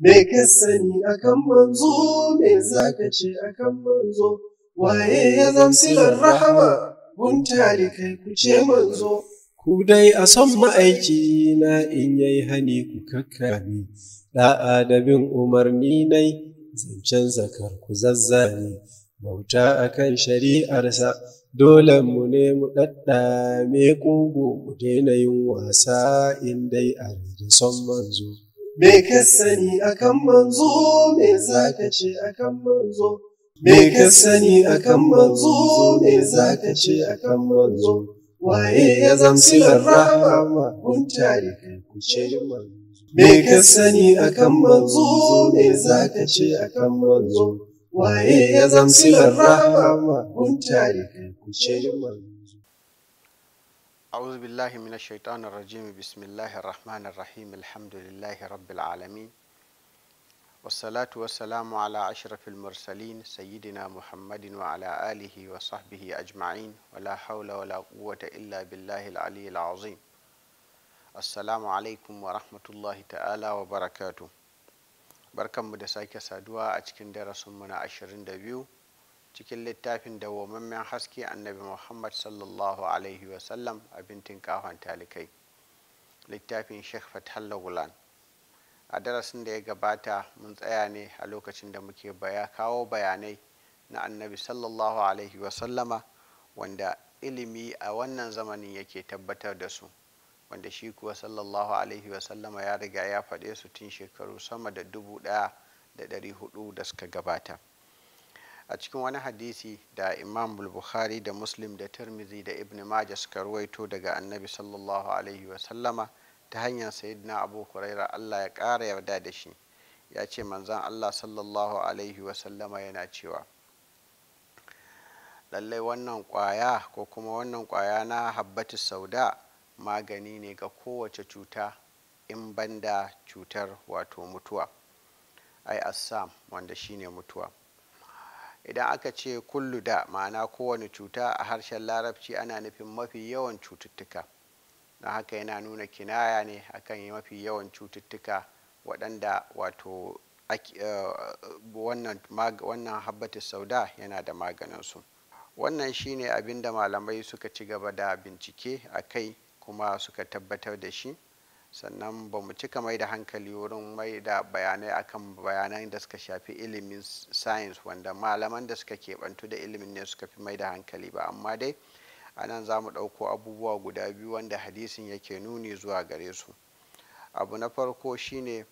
Me ka sani akan manzo, me za ka ce akan manzo, waye ya zamsilar rahama, guntare kai ku ce manzo. Ku dai a son ma'aiki na in yai hani ku kakkami, ɗa'a da bin umarni nai, zancen zakar ku zazzani, bauta akan shari'arsa, dole mu ne mu ɗaɗɗame ƙugu mu daina yin wasa in dai a son manzo. me ka sani akan manzo me zaka ce akan manzo me ka sani akan manzo me zaka ce akan manzo waye ya zamsilar rahama kun tare kai ku ce manzo me ka sani akan manzo me zaka ce akan manzo waye ya da rahama kun tare kai ku ce أعوذ بالله من الشيطان الرجيم بسم الله الرحمن الرحيم الحمد لله رب العالمين والصلاة والسلام على أشرف المرسلين سيدنا محمد وعلى آله وصحبه أجمعين ولا حول ولا قوة إلا بالله العلي العظيم assalamu alaikum wa rahmatullahi ta'ala wa barakatu barkanmu da sake saduwa a cikin darasinmu na 22 cikin littafin dawwamammen haske annabi muhammad sallallahu alaihi wasallam a bintin kahon talikai littafin sheikh fatalla gulan a darasin da ya gabata mun tsaya ne a lokacin da muke baya kawo bayanai na annabi sallallahu alaihi wasallama wanda ilimi a wannan zamanin yake tabbatar da su wanda shi kuwa sallallahu alaihi wasallama ya riga ya faɗe su tun shekaru sama da dubu ɗaya da ɗari hudu da suka gabata a cikin wani hadisi da imam bukhari da muslim da tirmizi da ibn majah suka ruwaito daga annabi sallallahu alaihi wasallama ta hanyar sayyidina abu huraira allah ya kara yarda da shi ya ce manzan allah sallallahu alaihi wasallama yana cewa lallai wannan kwaya ko kuma wannan kwaya na habbatu sauda magani ne ga kowace cuta in banda cutar wato mutuwa ai assam wanda shine mutuwa idan aka ce kullu da ma'ana kowane cuta a harshen larabci ana nufin mafi yawan cututtuka na haka yana nuna kinaya ne akan mafi yawan cututtuka waɗanda wato eh, wannan habbatus sauda yana da maganinsu wannan shine abin da malamai suka ci gaba da bincike a kai kuma suka tabbatar da shi sannan ba mu cika mai da hankali wurin mai da bayanai akan bayanan da suka shafi ilimin science wanda malaman da suka keɓantu da ilimin ne suka fi mai da hankali ba amma dai a nan za mu ɗauko abubuwa guda biyu wanda hadisin yake nuni zuwa gare su abu na farko shine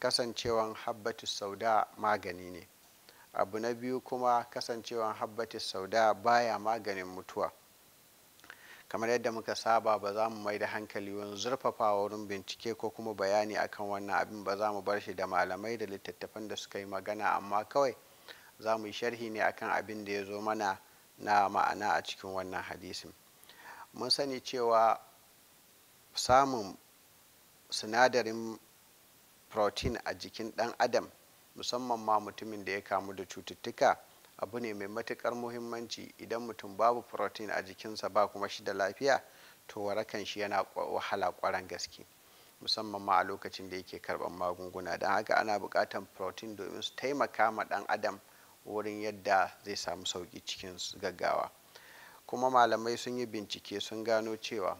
kasancewan habbatu sauda magani ne abu na biyu kuma kasancewan habbatu sauda baya maganin mutuwa kamar yadda muka saba ba za mu mai da hankali wani zurfafa wurin bincike ko kuma bayani akan wannan abin ba za mu bar shi da malamai da littattafan da suka yi magana amma kawai za mu yi sharhi ne akan abin da ya zo mana na ma'ana a cikin wannan hadisin mun sani cewa samun sinadarin protein a jikin dan adam musamman ma mutumin da ya kamu da cututtuka abu ne mai matukar muhimmanci idan mutum babu protein a jikinsa ba kuma shi da lafiya to warakan shi yana wahala kwaran gaske musamman ma a lokacin da yake karban magunguna don haka ana bukatan protein domin su taimaka ma dan adam wurin yadda zai samu sauki cikin gaggawa kuma malamai sun yi bincike sun gano cewa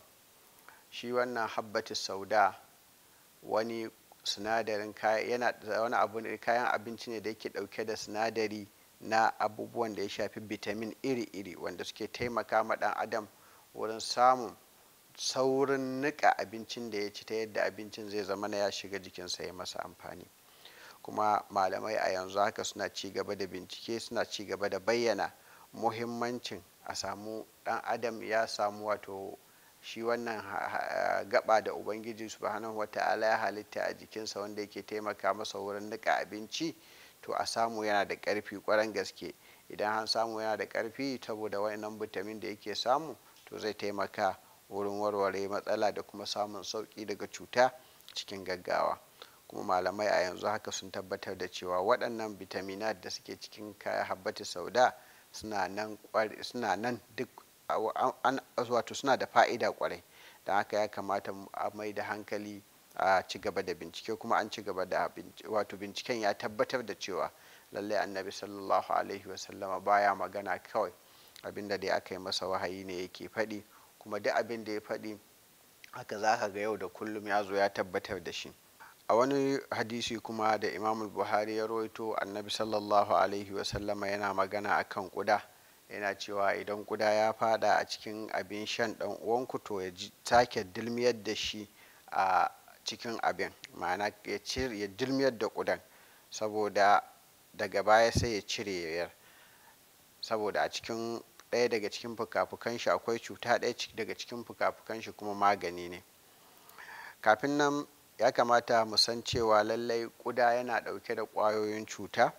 shi wannan habbatis sauda wani sinadarin kayan abinci ne da yake dauke da sinadari na abubuwan da ya shafi vitamin iri-iri wanda suke taimaka ma dan adam wurin samun saurin nika abincin da ya ci ta yadda abincin zai zama na ya shiga jikinsa ya masa amfani kuma malamai a yanzu haka suna ci gaba da bincike suna ci gaba da bayyana muhimmancin a samu dan adam ya samu wato shi wannan gaba da ubangiji subhanahu wata'ala ya halitta a jikinsa wanda yake taimaka masa wurin nika abinci to a samu yana da ƙarfi kwaran gaske idan an samu yana da ƙarfi saboda wayannan bitamin da yake samu to zai taimaka wurin warware matsala da kuma samun sauƙi daga cuta cikin gaggawa kuma malamai a yanzu haka sun tabbatar da cewa waɗannan vitamina da suke cikin kayan habbatu sauda suna nan duk wato suna da fa'ida kwarai don haka ya kamata a mai da hankali a ci gaba da bincike kuma an ci gaba da wato binciken ya tabbatar da cewa lallai annabi sallallahu alaihi wasallama baya magana kawai abinda da aka yi masa wahayi ne yake faɗi kuma duk abin da ya faɗi haka za ka ga yau da kullum ya zo ya tabbatar da shi a wani hadisi kuma da imamul buhari ya roito annabi sallallahu alaihi wasallama yana magana akan kuda yana cewa idan kuda ya fada a cikin abin shan dan uwanku to ya sake dilmiyar da shi a cikin abin ma'ana ya cire ya dilmiyar da kudan saboda daga baya sai ya cire yayar saboda a cikin ɗaya daga cikin fuka shi akwai cuta ɗaya daga cikin fuka shi kuma magani ne kafin nan ya kamata mu san cewa lallai kuda yana ɗauke da ƙwayoyin cuta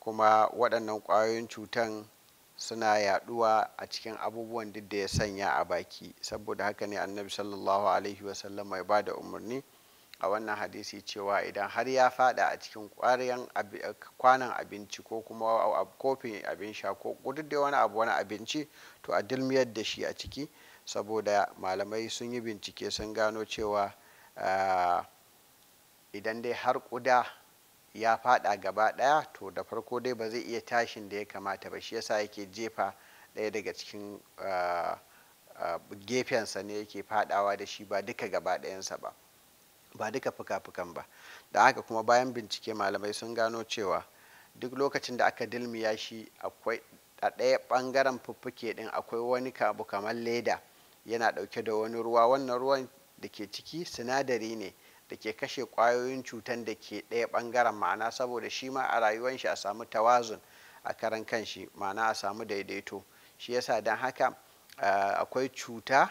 kuma waɗannan ƙwayoyin cutan suna yaduwa a cikin abubuwan duk da ya sanya a baki saboda haka ne annabi sallallahu alaihi wasallam mai ba da umarni a wannan hadisi cewa idan har ya fada a cikin kwanan abinci ko kuma kofin abin sha ko duk da wani abu wani abinci to a dilmiyar da shi a ciki saboda malamai sun yi bincike sun gano cewa ah, idan dai har kuda ya fada gaba daya to da farko dai ba zai iya tashin da ya kamata ba shi yasa yake jefa daya daga cikin ah, ah, gefensa ne yake fadawa da shi ba duka gaba dayansa ba ba duka fuka-fukan ba da haka kuma bayan bincike malamai sun gano cewa duk lokacin da aka dilmiya shi akwai a ɗaya ɓangaren fuffuke ɗin akwai wani kabu kamar leda yana ɗauke da wani ruwa wannan ruwan da ke ciki sinadari ne da ke kashe kwayoyin cutan da ke ɗaya ɓangaren ma'ana saboda shi ma a rayuwan shi a samu tawazun a karan kanshi ma'ana a samu daidaito shi yasa don haka akwai cuta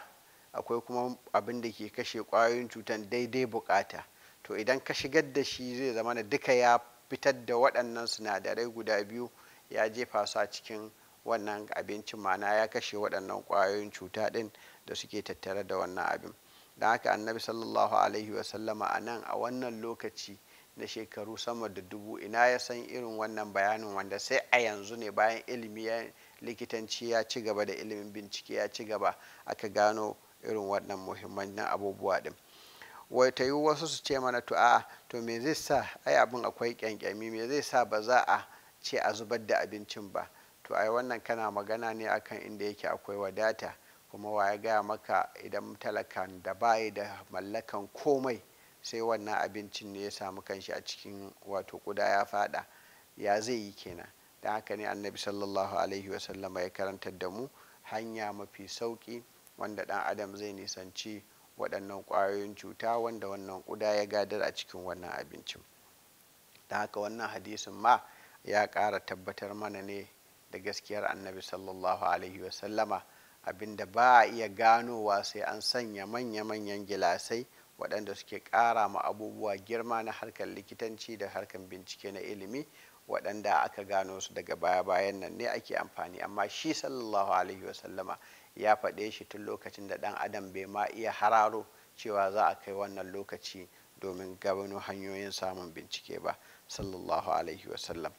akwai kuma abin da ke kashe kwayoyin cutan daidai bukata to idan ka shigar da shi zai zama da duka ya fitar da waɗannan sinadarai guda biyu ya jefa su a cikin wannan abincin ma'ana ya kashe waɗannan kwayoyin cuta ɗin da suke tattare da wannan abin da haka annabi sallallahu alaihi wasallama a nan a wannan lokaci na shekaru sama da dubu ina ya san irin wannan bayanin wanda sai a yanzu ne bayan ilimi ya likitanci ya ci gaba da ilimin bincike ya ci gaba aka gano irin wannan muhimman abubuwa din wai ta yi wasu su ce mana to a to me zai sa ai abin akwai kyankyami me zai sa ba za a ce a zubar da abincin ba to ai wannan kana magana ne akan inda yake akwai wadata kuma wa ya gaya maka idan talakan da bai da mallakan komai sai wannan abincin ne ya samu kanshi a cikin wato kuda ya fada ya zai yi kenan da haka ne annabi sallallahu alaihi wasallama ya karantar da mu hanya mafi sauki wanda dan adam zai nisanci waɗannan ƙwayoyin cuta wanda wannan kuda ya gadar a cikin wannan abincin da haka wannan hadisin ma ya ƙara tabbatar mana ne da gaskiyar annabi sallallahu alaihi wasallama abinda ba a iya ganowa sai an sanya manya-manyan gilasai waɗanda suke ƙara ma abubuwa girma na harkar likitanci da harkar bincike na ilimi waɗanda aka gano su daga baya-bayan nan ne ake amfani amma shi sallallahu alaihi wasallama ya faɗe shi tun lokacin da ɗan adam bai ma iya hararo cewa za a kai wannan lokaci domin gabano hanyoyin samun bincike ba sallallahu alaihi wasallam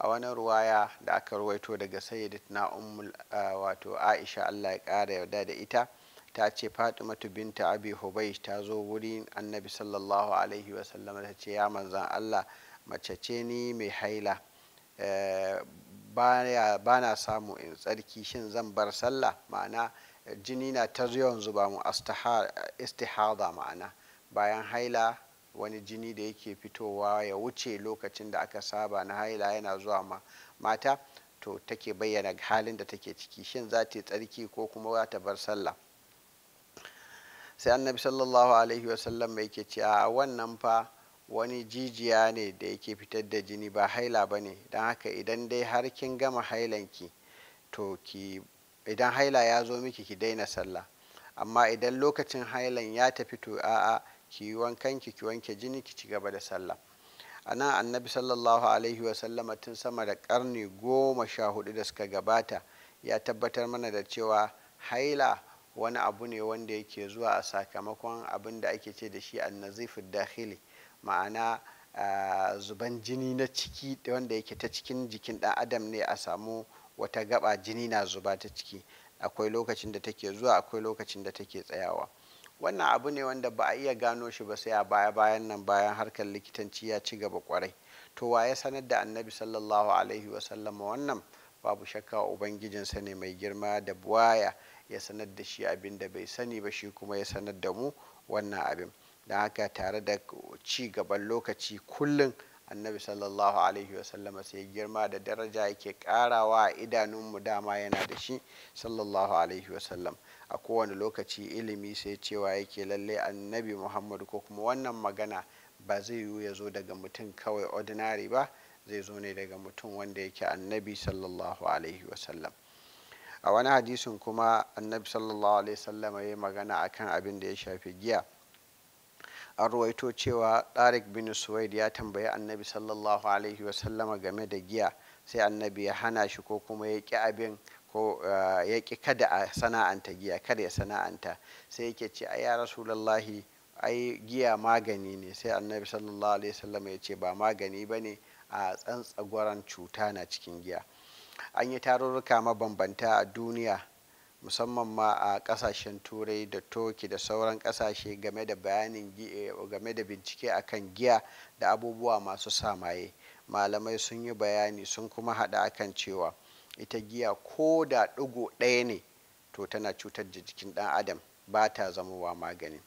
a wani ruwaya da aka ruwaito daga sayyidatuna ummul wato aisha allah ya kara yarda da ita ta ce fatimatu binta abi hubaish ta zo wuri annabi sallallahu alaihi wasallam ta ce ya manzan allah mace ce ni mai haila eh, ba na samu in tsarki shin zan bar sallah ma'ana jini na ta yawan zuba mu istihada ma'ana bayan haila wani jini da yake fitowa ya wuce lokacin da aka saba na haila yana zuwa ma mata to take bayyana halin da take ciki shin za ta yi tsarki ko kuma za ta bar sallah sai annabi sallallahu alaihi wasallam ke ce a wannan fa wani jijiya ne da yake fitar da jini ba haila ba ne don haka idan dai har kin gama hailanki to ki idan haila ya zo miki ki daina sallah amma idan lokacin hailan ya tafi to a'a ki yi wankan ki wanke jini ki ci gaba da sallah a nan annabi sallallahu alaihi wasallama tun sama da karni goma sha hudu da suka gabata ya tabbatar mana da cewa haila wani abu ne wanda yake zuwa a sakamakon abin da ake ce da shi nazifin dakhili ma'ana zuban jini na ciki wanda yake ta cikin jikin dan adam ne a samu wata gaba jini na zuba ta ciki akwai lokacin da take zuwa akwai lokacin da take tsayawa wannan abu ne wanda ba a iya gano shi ba sai a baya bayan nan bayan harkar likitanci ya ci gaba kwarai to wa ya sanar da annabi sallallahu alaihi wasallama wannan babu shakka ubangijinsa ne mai girma da buwaya ya sanar da shi abin da bai sani ba shi kuma ya sanar da mu wannan abin don haka tare da ci gaban lokaci kullum annabi sallallahu alaihi wasallama sai girma da daraja yake karawa a idanunmu dama yana da shi sallallahu alaihi wasallam a kowane lokaci ilimi sai cewa yake lalle annabi muhammad ko kuma wannan magana ba zai yiwu ya zo daga mutum kawai ordinary ba zai zo ne daga mutum wanda yake annabi sallallahu alaihi wasallam a wani hadisin kuma annabi sallallahu alaihi wasallam ya yi magana akan abin da ya shafi giya an ruwaito cewa tsarik bin suwaid ya tambayi annabi sallallahu alaihi wasallama game da giya sai annabi ya hana shi ko kuma ya ki abin ko eh, ya ƙi kada a sana'anta giya kada ya sana'anta sai yake ce ai ya rasulallahi ai giya magani ne sai annabi sallallahu alaihi wasallam ya ce ba magani bane ne a tsantsagwaran cuta na cikin giya an yi tarurruka mabambanta a duniya musamman ma a kasashen turai da toki da sauran kasashe game da bayanin eh, game da bincike akan giya da abubuwa masu samaye malamai sun yi bayani sun kuma hada akan cewa ita giya ko da ɗigo ɗaya ne to tana cutar da jikin ɗan adam ba ta zamowa magani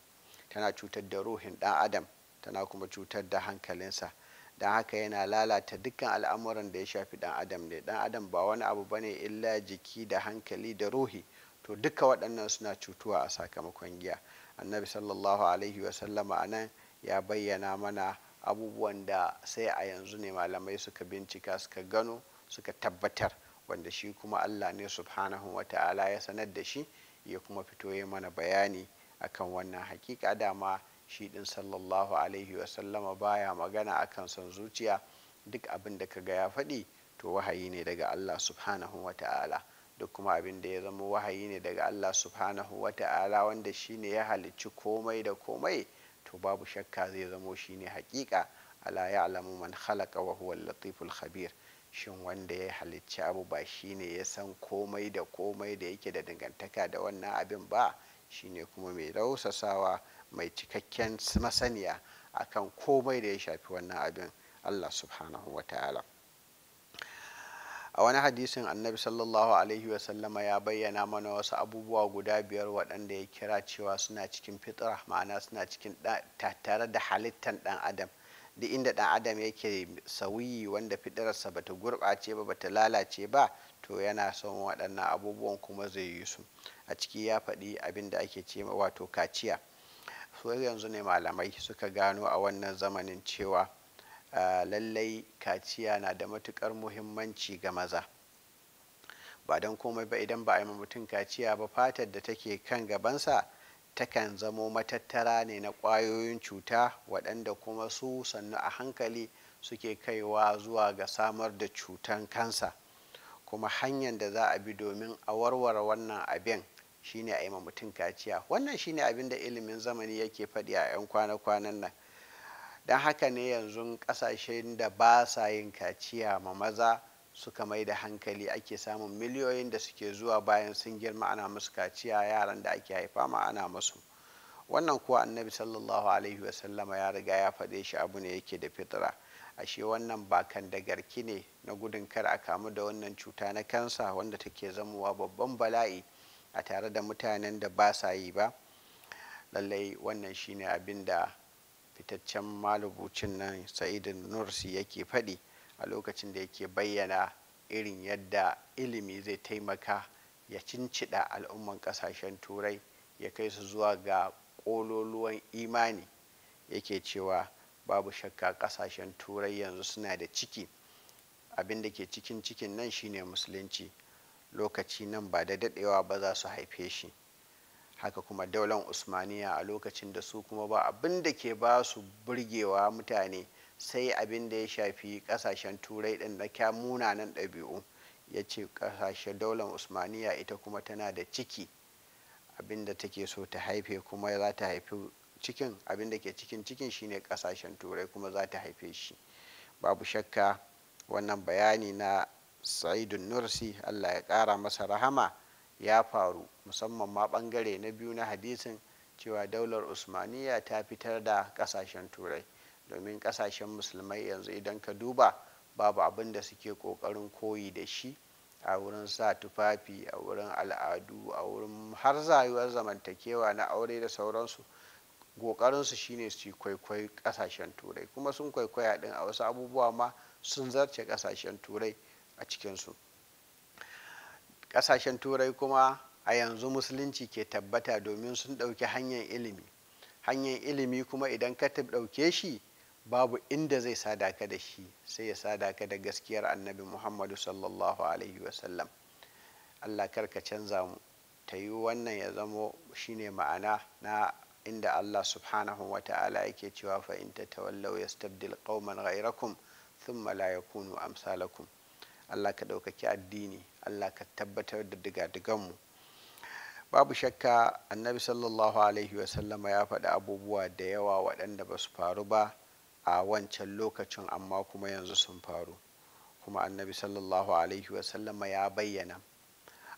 tana cutar da ruhin ɗan adam tana kuma cutar da hankalinsa don haka yana lalata dukkan al'amuran da ya shafi ɗan adam ne ɗan adam ba wani abu ba ne illa jiki da hankali da ruhi to duka waɗannan suna cutuwa a sakamakon giya annabi sallallahu alaihi wasallama a nan ya bayyana mana abubuwan da sai a yanzu ne malamai suka bincika suka gano suka tabbatar wanda shi kuma allah ne subhanahu wa ta'ala ya sanar da shi ya kuma fito ya mana bayani akan wannan hakika dama shi din sallallahu alaihi wasallama baya magana akan son zuciya duk abin da ka ga ya faɗi to wahayi ne daga allah subhanahu wa ta'ala duk kuma abin da ya zama wahayi ne daga allah subhanahu wa ta'ala wanda shi ne ya halicci komai da komai to babu shakka zai zamo shi ne hakika ala ya'lamu man khalaqa wa huwa latiful khabir shin wanda ya halicci abu ba shine ya san komai da komai da yake da dangantaka da wannan abin ba shine kuma mai rausasawa mai cikakken masaniya akan komai da ya shafi wannan abin allah subhanahu wa ta'ala a wani hadisin annabi sallallahu alaihi wasallama ya bayyana mana wasu abubuwa guda biyar waɗanda ya kira cewa suna cikin fitra ma'ana suna cikin tattare da halittan ɗan adam duk inda ɗan adam yake sauyi wanda fitararsa bata gurɓace ba bata lalace ba to yana son waɗannan abubuwan kuma zai yi su a ciki ya faɗi abin da ake ce wato kaciya so yanzu ne malamai suka gano a wannan zamanin cewa lallai kaciya na da matukar muhimmanci ga maza ba don komai ba idan ba a yi mutum kaciya ba fatar da take kan gabansa takan zamo matattara ne na kwayoyin cuta waɗanda kuma su sannu a hankali suke kaiwa zuwa ga samar da cutan kansa kuma hanyar da za a bi domin a warware wannan abin shine a yi mutum kaciya wannan shine abin da ilimin zamani yake faɗi a 'yan kwana-kwanan nan don haka ne yanzu ƙasashen da ba sa yin kaciya ma maza suka mai da hankali ake samun miliyoyin da suke zuwa bayan sun girma ana musu kaciya yaran da ake haifa ma ana musu wannan kuwa annabi sallallahu alaihi wasallama ya riga ya faɗe shi abu ne yake da fitira ashe wannan ba kan da garki ne na gudun kar a kamu da wannan cuta na kansa wanda take zamowa babban bala'i a tare da mutanen da ba sa yi ba lallai wannan shine abin da fitaccen malubucin nan sa'idin nursi yake faɗi a lokacin da yake bayyana irin yadda ilimi zai taimaka ya cincida al'umman kasashen turai ya kai su zuwa ga ƙololuwan imani yake cewa babu shakka kasashen turai yanzu suna da ciki abin da ke cikin cikin nan shine musulunci lokaci nan ba da dadewa ba za su haife shi haka kuma daular usmaniya a lokacin da su kuma ba abin da ke ba su burgewa mutane sai abin da ya shafi kasashen turai din na kya munanan ɗabi'u ya ce kasashen daular usmaniya ita kuma tana da ciki abin da take so ta haife kuma za ta haifi cikin abin da ke cikin cikin shine kasashen turai kuma za ta haife shi babu shakka wannan bayani na sa'idun nursi allah ya ƙara masa rahama ya faru musamman ma bangare na biyu na hadisin cewa daular usmaniya ta fitar da ƙasashen turai domin kasashen musulmai yanzu idan ka duba babu abin da suke kokarin koyi da shi a wurin sa tufafi a wurin al'adu a wurin har zayuwar zamantakewa na aure da sauransu kokarinsu shine su kwaikwai kasashen turai kuma sun kwaikwaya din a wasu abubuwa ma sun zarce kasashen turai a cikinsu kasashen turai kuma a yanzu musulunci ke tabbata domin sun ɗauki hanyar ilimi hanyar ilimi kuma idan ka ɗauke shi babu inda zai sadaka da shi sai ya sadaka da gaskiyar annabi muhammadu sallallahu alaihi wasallam allah karka canza mu ta yi wannan ya zamo shine ma'ana na inda allah subhanahu wa ta'ala yake cewa fa in ya stabdil qauman ghayrakum thumma la yakunu amsalakum allah ka ɗaukaki addini allah ka tabbatar da digadigan mu babu shakka annabi sallallahu alaihi wasallama ya faɗi abubuwa da yawa waɗanda ba su faru ba a wancan lokacin amma kuma yanzu sun faru kuma annabi sallallahu alaihi wasallama ya bayyana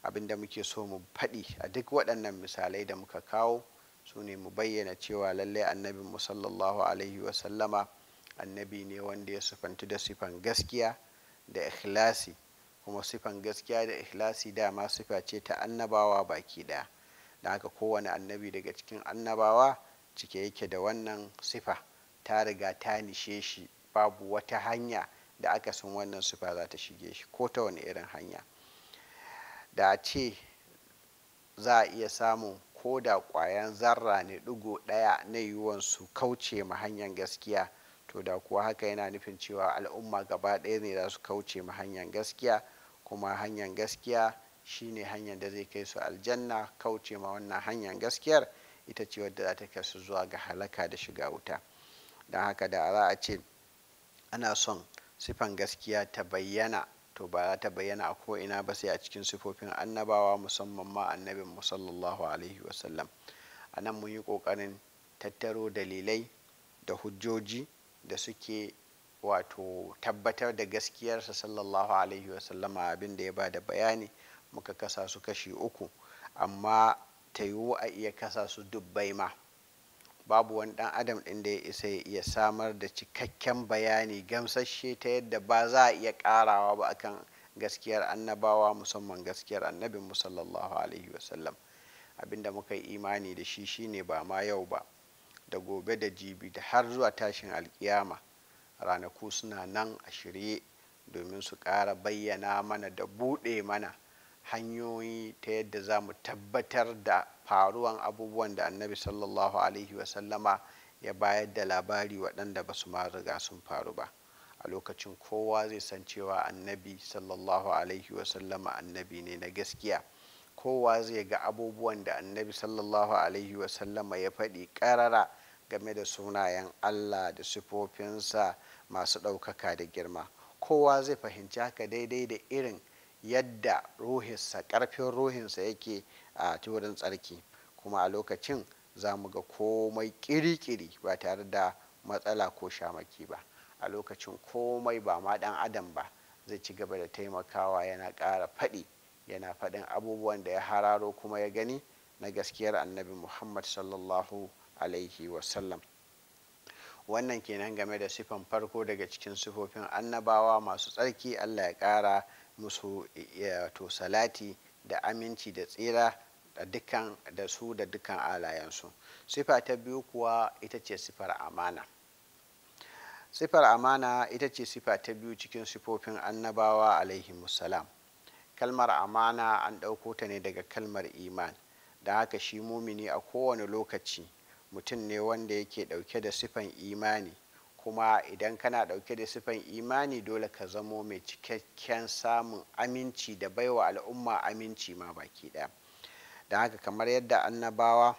abinda muke so mu faɗi a duk waɗannan misalai da muka kawo su ne mu bayyana cewa lallai annabi mu sallallahu alaihi wasallama annabi ne wanda ya sufanti da sifan gaskiya da ikhlasi kuma sifan gaskiya da ikhlasi dama sifa ce ta annabawa baki ɗaya da haka kowane annabi daga cikin annabawa cike yake da wannan sifa ta riga ta nishe shi babu wata hanya da aka san wannan sufa za ta shige shi ko ta wani irin hanya da a ce za a iya samun ko da kwayan zarra ne ɗigo ɗaya na yiwuwan su kauce ma hanyar gaskiya to da kuwa haka yana nufin cewa al'umma gaba ɗaya ne za su kauce ma hanyar gaskiya kuma hanyar gaskiya shine hanyar da zai kai su aljanna kauce ma wannan hanyar gaskiyar ita ce wadda za ta kai su zuwa ga halaka da shiga wuta don haka da za a ce ana son sifan gaskiya ta bayyana to ba za ta bayyana a ko'ina ba sai a cikin sifofin annabawa musamman ma annabin mu sallallahu alaihi wasallam a nan mun yi kokarin tattaro dalilai da hujjoji da suke wato tabbatar da gaskiyarsa sallallahu alaihi wasallam abin da ya ba da bayani muka kasa su kashi uku amma ta yiwu a iya kasa su dubbai ma babu wani dan adam ɗin da ya isa ya samar da cikakken bayani gamsashe ta yadda ba za a iya karawa ba akan gaskiyar annabawa musamman gaskiyar annabin musallallahu alaihi wasallam abinda muka yi imani da shi shine ba ma yau ba da gobe da jibi da har zuwa tashin alkiyama ranaku suna nan a shirye domin su ƙara bayyana mana da buɗe mana hanyoyi ta yadda za mu tabbatar da faruwan abubuwan da annabi sallallahu alaihi wasallama ya bayar da labari waɗanda ba su ma riga sun faru ba a lokacin kowa zai san cewa annabi sallallahu alaihi wasallama annabi ne na gaskiya kowa zai ga abubuwan da annabi sallallahu alaihi wasallama ya faɗi ƙarara game da sunayen allah da sifofinsa masu ɗaukaka da girma kowa zai fahimci haka daidai da irin yadda ruhinsa karfin ruhinsa yake a turin tsarki kuma a lokacin za mu ga komai kirikiri ba tare da matsala ko shamaki ba a lokacin komai ba ma dan adam ba zai ci gaba da taimakawa yana ƙara faɗi yana faɗin abubuwan da ya hararo kuma ya gani na gaskiyar annabi muhammad sallallahu alaihi wasallam wannan kenan game da sifan farko daga cikin sifofin annabawa masu tsarki allah ya ƙara musu to salati da aminci da tsira da da su da dukkan alayensu sifa ta biyu kuwa ita ce sifar amana sifar amana ita ce sifa ta biyu cikin sifofin annabawa alaihi musalam kalmar amana an ɗauko ta ne daga kalmar iman da haka shi mumini a kowane lokaci mutum ne wanda yake ɗauke da sifan imani kuma idan kana dauke da sifan imani dole ka zamo mai cikakken samun aminci da baiwa al'umma aminci ma baki daya don haka kamar yadda annabawa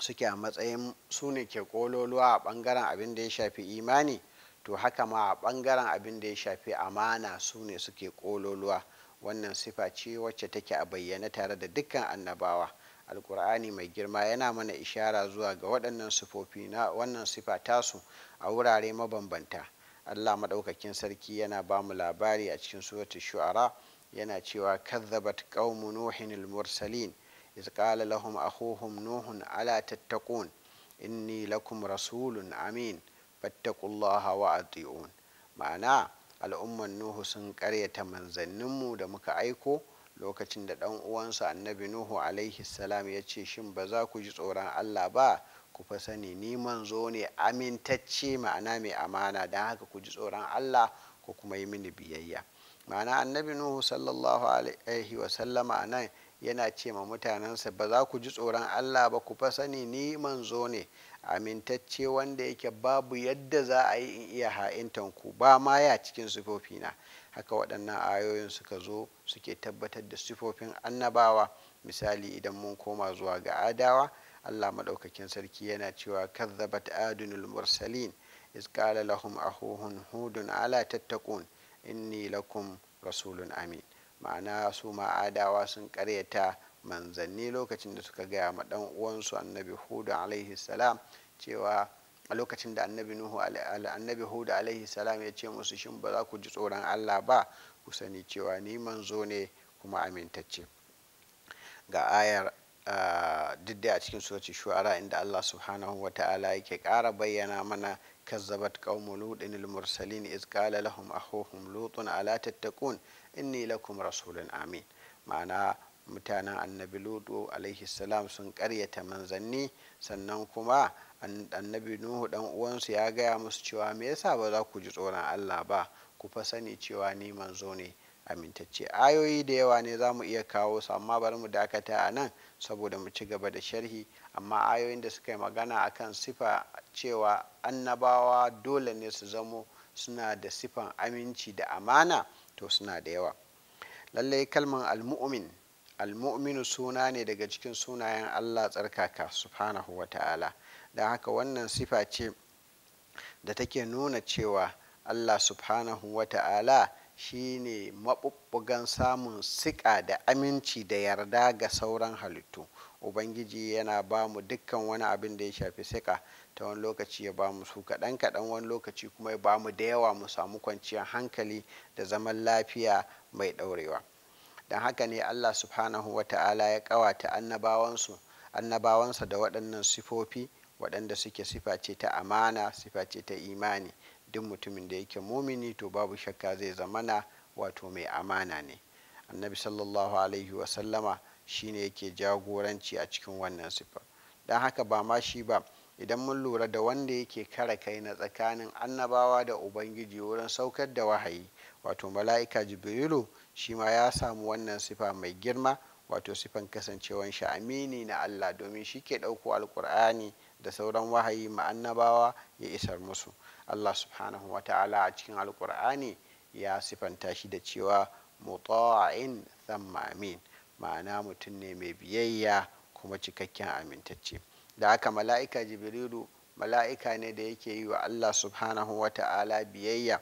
suke a matsayin su ne ke kololuwa a bangaren abin da ya shafi imani to haka ma a bangaren abin da ya shafi amana su ne suke kololuwa wannan sifa ce wacce take a bayyana tare da dukkan annabawa alkur'ani mai girma yana mana ishara zuwa ga waɗannan sifofi na wannan sifa tasu a wurare mabambanta allah maɗaukakin sarki yana ba mu labari a cikin suratul shu'ara yana cewa kazzabat qaumu nuhin al-mursalin iz qala lahum akhuhum nuhun ala tattaqun inni lakum rasulun amin fattaqullaha wa ati'un ma'ana al'umman nuhu sun karyata manzanninmu da muka aiko lokacin da ɗan uwansa annabi nuhu alaihi salam ya ce shin ba za ku ji tsoron allah ba ku fa sani ni manzo ne amintacce ma'ana mai amana don haka ku ji tsoron allah ko kuma yi mini biyayya ma'ana annabi nuhu sallallahu alaihi wasallama a nan yana ce ma mutanensa ba za ku ji tsoron allah ba ku fa sani ni manzo ne amintacce wanda yake babu yadda za a yi in iya ha'intan ku ba ma ya cikin sufofina haka waɗannan ayoyin suka zo suke tabbatar da sifofin annabawa misali idan mun koma zuwa ga adawa allah maɗaukakin sarki yana cewa kazzabat adunul mursalin iz qala lahum ahuhun hudun ala tattaqun inni lakum rasulun amin ma'ana su ma adawa sun ƙaryata manzanni lokacin da suka gaya ma ɗan uwansu annabi hudu alaihi salam cewa a lokacin da annabi nuhu annabi hudu alaihi salam ya ce musu shin ba za ku ji tsoron allah ba ku sani cewa ni manzo ne kuma amintacce ga ayar duk da a cikin surati shu'ara inda allah subhanahu wa ta'ala yake kara bayyana mana kazzabat qaumu lutin al-mursalin iz qala lahum akhuhum lutun ala tattaqun inni lakum rasulun amin ma'ana mutanen annabi lutu alaihi salam sun karyata manzanni sannan kuma annabi nuhu dan uwansu ya gaya musu cewa me yasa ba za ku ji tsoron allah ba ku fa sani cewa ni manzo ne amintacce ayoyi da yawa ne za mu iya kawo su amma bari mu dakata a nan saboda mu ci gaba da sharhi amma ayoyin da suka yi magana akan sifa cewa annabawa dole ne su zamo suna da sifan aminci da amana to suna da yawa lallai kalman almu'min almu'minu suna ne daga cikin sunayen allah tsarkaka subhanahu wa ta'ala da haka wannan sifa ce da take nuna cewa allah subhanahu wa ta'ala shi ne maɓuɓɓugan samun siƙa da aminci da yarda ga sauran halittu ubangiji yana ba mu dukkan wani abin da ya shafi siƙa ta wani lokaci ya ba mu su kaɗan kaɗan wani lokaci kuma ya ba mu da yawa mu samu kwanciyar hankali da zaman lafiya mai ɗaurewa don haka ne allah subhanahu wa ta'ala ya ƙawata annabawansa da waɗannan sifofi waɗanda suke sifa ce ta amana sifa ce ta imani duk mutumin da yake mumini to babu shakka zai zamana wato mai amana ne annabi sallallahu alaihi wasallama shine yake jagoranci a cikin wannan sifa don haka ba ma shi ba idan mun lura da wanda yake kare kai na tsakanin annabawa da ubangiji wurin saukar da wahayi wato mala'ika jibrilu shi ma ya samu wannan sifa mai girma wato sifan kasancewan shi amini na allah domin shi ke ɗauko alkur'ani da sauran wahayi ma ya isar musu allah subhanahu wa ta'ala a cikin alkur'ani ya sifanta shi da cewa muta'in thamma amin ma'ana mutum ne mai biyayya kuma cikakken amintacce da haka mala'ika jibrilu mala'ika ne da yake yi wa allah subhanahu wa ta'ala biyayya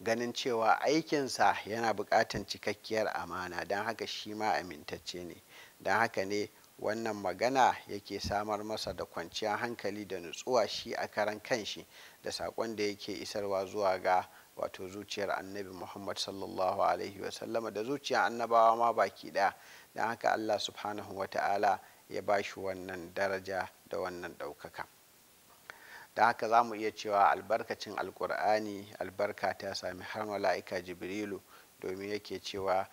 ganin cewa aikinsa yana buƙatan cikakkiyar amana don haka shi ma amintacce ne don haka ne wannan magana yake samar masa da kwanciyar hankali da nutsuwa shi a karan kanshi da saƙon da yake isarwa zuwa ga wato zuciyar annabi muhammad sallallahu alaihi wasallama da zuciyar annabawa ma baki ɗaya don haka allah subhanahu wa ta'ala ya ba shi wannan daraja da wannan ɗaukaka don haka za mu iya cewa albarkacin alkur'ani albarka ta sami har mala'ika jibrilu domin yake cewa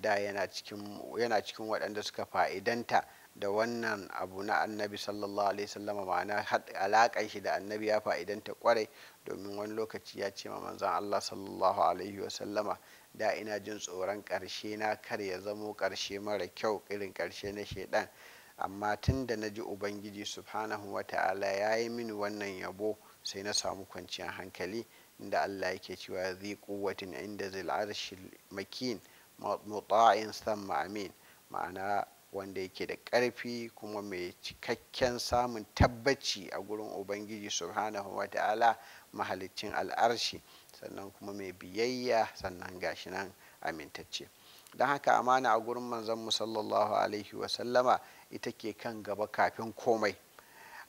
da yana cikin waɗanda suka fa'idanta da wannan abu na annabi sallallahu alaihi sallama ma'ana alaƙar shi da annabi ya fa'idanta kwarai domin wani lokaci ya ce ma manzan Allah sallallahu alaihi wasallama da ina jin tsoron ƙarshe na kar ya zamo ƙarshe mara kyau irin ƙarshe na shaidan amma tun da na ji ubangiji subhanahu wa ta'ala ya yi mini wannan yabo sai na samu kwanciyar hankali inda Allah yake cewa zai kuwatin inda zil arshil makin muṭa'in thumma amin ma'ana wanda yake da ƙarfi kuma mai cikakken samun tabbaci a gurin ubangiji subhanahu wa ta'ala mahalicin al'arshi sannan kuma mai biyayya sannan gashi nan amintacce don haka amana a gurin manzon sallallahu alaihi wasallama ita ke kan gaba kafin komai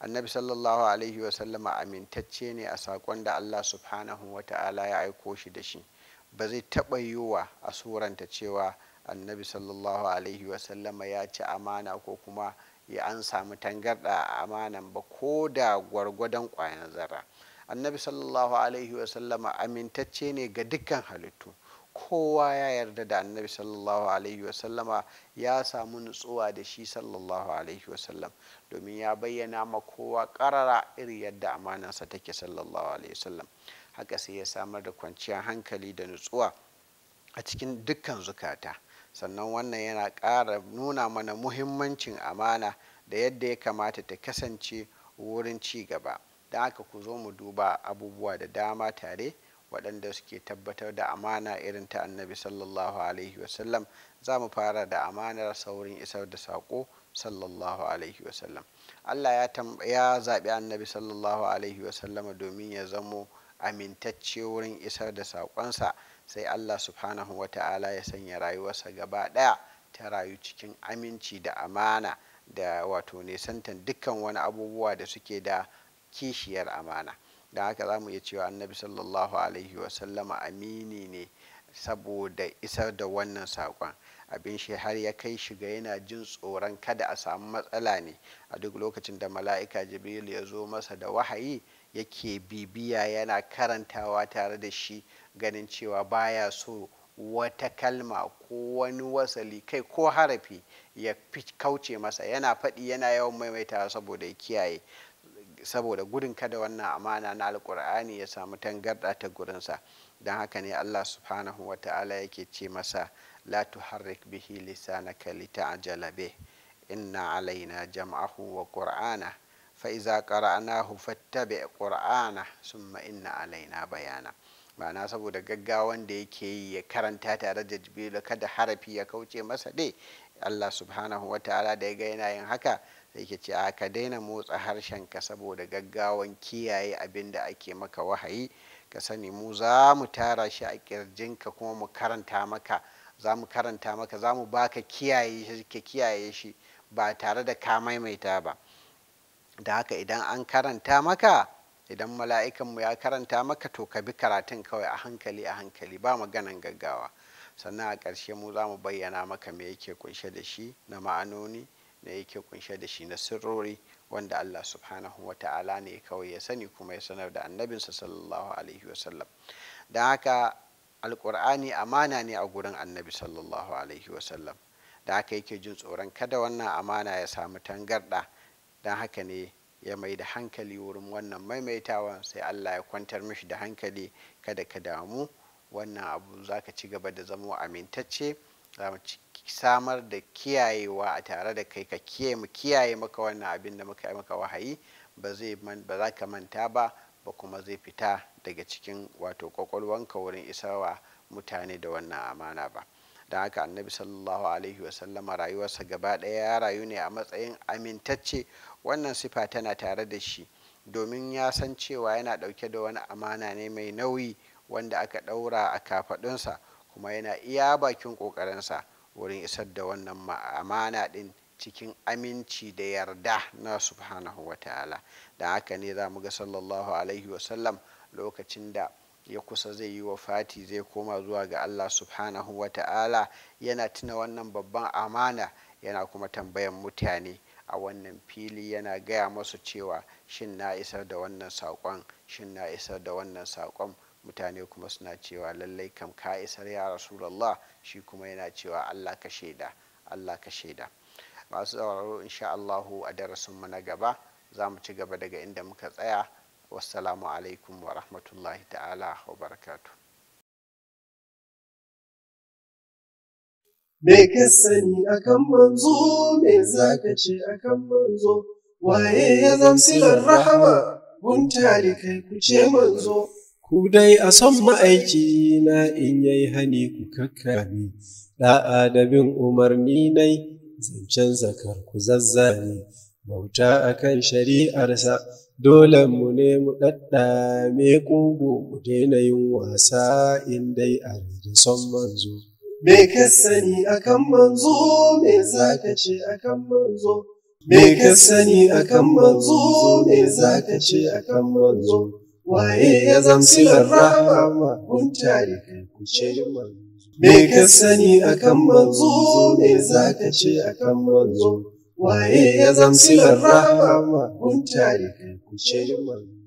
annabi sallallahu alaihi wasallama amintacce ne a saƙon da allah subhanahu wa ta'ala ya aiko shi da shi ba zai taɓa yiwa a suranta cewa annabi sallallahu alaihi wasallama ya ci amana ko kuma ya an samu tangarɗa a amanan ba ko da gwargwadon ƙwayan zara annabi sallallahu alaihi wasallama amintacce ne ga dukkan halittu kowa ya yarda da annabi sallallahu alaihi wasallama ya samu nutsuwa da shi sallallahu alaihi wasallam domin ya bayyana ma kowa ƙarara iri yadda amanansa take sallallahu alaihi wasallam haka sai ya samar da kwanciyar hankali da nutsuwa a cikin dukkan zukata sannan wannan yana ƙara nuna mana muhimmancin amana da yadda ya kamata ta kasance wurin ci gaba da haka ku zo mu duba abubuwa da dama tare waɗanda suke tabbatar da amana irin ta annabi sallallahu alaihi wasallam za mu fara da amanar saurin isar da saƙo sallallahu alaihi wasallam allah ya zaɓi annabi sallallahu alaihi wasallama domin ya zamo amintacce wurin isar da saƙonsa sai allah subhanahu wa ta'ala ya sanya rayuwarsa gaba ɗaya ta rayu cikin aminci da amana da wato nisantan dukkan wani abubuwa da suke da kishiyar amana da haka za mu iya cewa annabi sallallahu alaihi wasallama amini ne saboda isar da wannan saƙon abin shi har ya kai shiga yana jin tsoron kada a samu matsala ne a duk lokacin da mala'ika jibril ya zo masa da wahayi yake bibiya yana karantawa tare da shi ganin cewa baya so wata kalma ko wani wasali kai ko harafi ya kauce masa yana faɗi yana yawan maimaitawa saboda ya kiyaye saboda gudun kada wannan amana na alkur'ani ya samu tangarɗa ta gurinsa don haka ne allah subhanahu wa ta'ala yake ce masa la tuharrik bihi lisanaka lita'jala bih inna alaina jam'ahu wa qur'ana fa'iza qara'nahu fattabi sun summa a alaina bayana ma'ana saboda gaggawan da yake yi ya karanta tare da jibril kada harafi ya kauce masa dai Allah subhanahu wa ta'ala da ya ga yana yin haka sai ke ce a ka daina motsa harshen ka saboda gaggawan kiyaye abin da ake maka wahayi ka sani mu za mu tara shi a ka kuma mu karanta maka za mu karanta maka za mu baka kiyaye shi ba tare da ka maimaita ba da haka idan an karanta maka idan mala'ikanmu ya karanta maka to ka bi karatun kawai a hankali a hankali ba maganan gaggawa sannan a ƙarshe mu za mu bayyana maka me yake kunshe da shi na ma'anoni na yake kunshe da shi na sirrori wanda Allah subhanahu wa ta'ala ne kawai ya sani kuma ya sanar da annabinsa sallallahu alaihi wasallam don haka alkur'ani amana ne a gurin annabi sallallahu alaihi wasallam da haka yake jin tsoron kada wannan amana ya samu tangarɗa don haka ne ya mai da hankali wurin wannan maimaitawa sai allah ya kwantar mishi da hankali kada ka damu wannan abu za ka ci gaba da zama amintacce za mu samar da kiyayewa a tare da kai ka kiyaye mu kiyaye maka wannan abin da muka yi maka wahayi ba za ka manta ba ba kuma zai fita daga cikin wato kwakwalwanka wurin isarwa mutane da wannan amana ba da haka annabi sallallahu alaihi wasallama rayuwarsa gaba ɗaya ya rayu ne a matsayin amintacce wannan sifa tana tare da shi domin ya san cewa yana ɗauke da wani amana ne mai nauyi wanda aka ɗaura a kafaɗunsa kuma yana iya bakin ƙoƙarinsa wurin isar da wannan amana ɗin cikin aminci da yarda na subhanahu wa ta'ala da haka ne za mu ga sallallahu alaihi wasallam lokacin da ya kusa zai yi wa fati zai koma zuwa ga allah subhanahu wa ta'ala yana tuna wannan babban amana yana kuma tambayan mutane a wannan fili yana gaya masu cewa shin na isar da wannan saƙon shin na isar da wannan saƙon mutane kuma suna cewa lallai kam ka isar ya rasulallah shi kuma yana cewa allah ka shaida allah ka shaida masu tsawararru inshaAllahu a darasin mu na gaba za mu ci gaba daga inda muka tsaya wassalamu alaikum wa rahmatullahi ta'ala wa barakatu me ka sani akan manzo me za ka ce akan manzo waye ya zamsilar rahama guntari kai ku ce manzo ku dai a son ma'aiki na in yayi hani ku kakkami da'a da bin umarni nai zancen zakar ku zazzani bauta akan shari'arsa dole mu ne mu ɗaɗɗa me ƙugu mu daina yin wasa in dai a son manzo. Me ka sani akan manzo, me za ka ce akan manzo? Me ka sani akan manzo, me za ka ce akan manzo? Waye ya zamsilar rahama, kun tare kai ku ce manzo. Me ka sani akan manzo, me za ka ce akan manzo? Waye ya zamsilar rahama, kun tare kai വിശേഷം പറഞ്ഞു